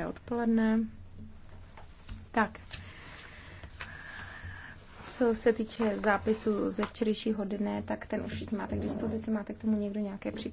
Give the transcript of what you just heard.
Dobré odpoledne. Tak, co se týče zápisu ze včerejšího dne, tak ten už máte k dispozici. Máte k tomu někdo nějaké připomínky?